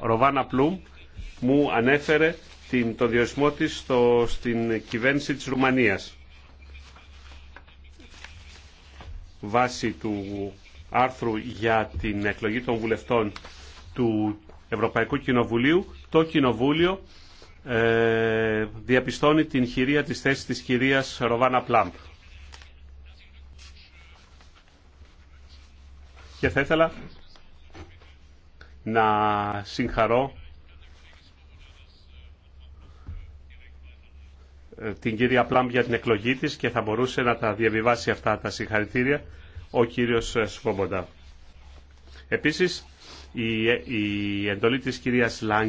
Ροβάνα Πλούμ μου ανέφερε την, το διορισμό της στην κυβέρνηση της Ρουμανίας. Βάσει του άρθρου για την εκλογή των βουλευτών του Ευρωπαϊκού Κοινοβουλίου, το Κοινοβούλιο ε, διαπιστώνει την χειρία της θέσης της κυρίας Ροβάνα Πλάμπ. Και θα ήθελα να συγχαρώ ε, την κυρία Πλάμπ για την εκλογή της και θα μπορούσε να τα διαβιβάσει αυτά τα συγχαρητήρια ο κύριος ε, Σφόμποντα. Επίσης, ε, η, εντολή της κυρίας Λάγκ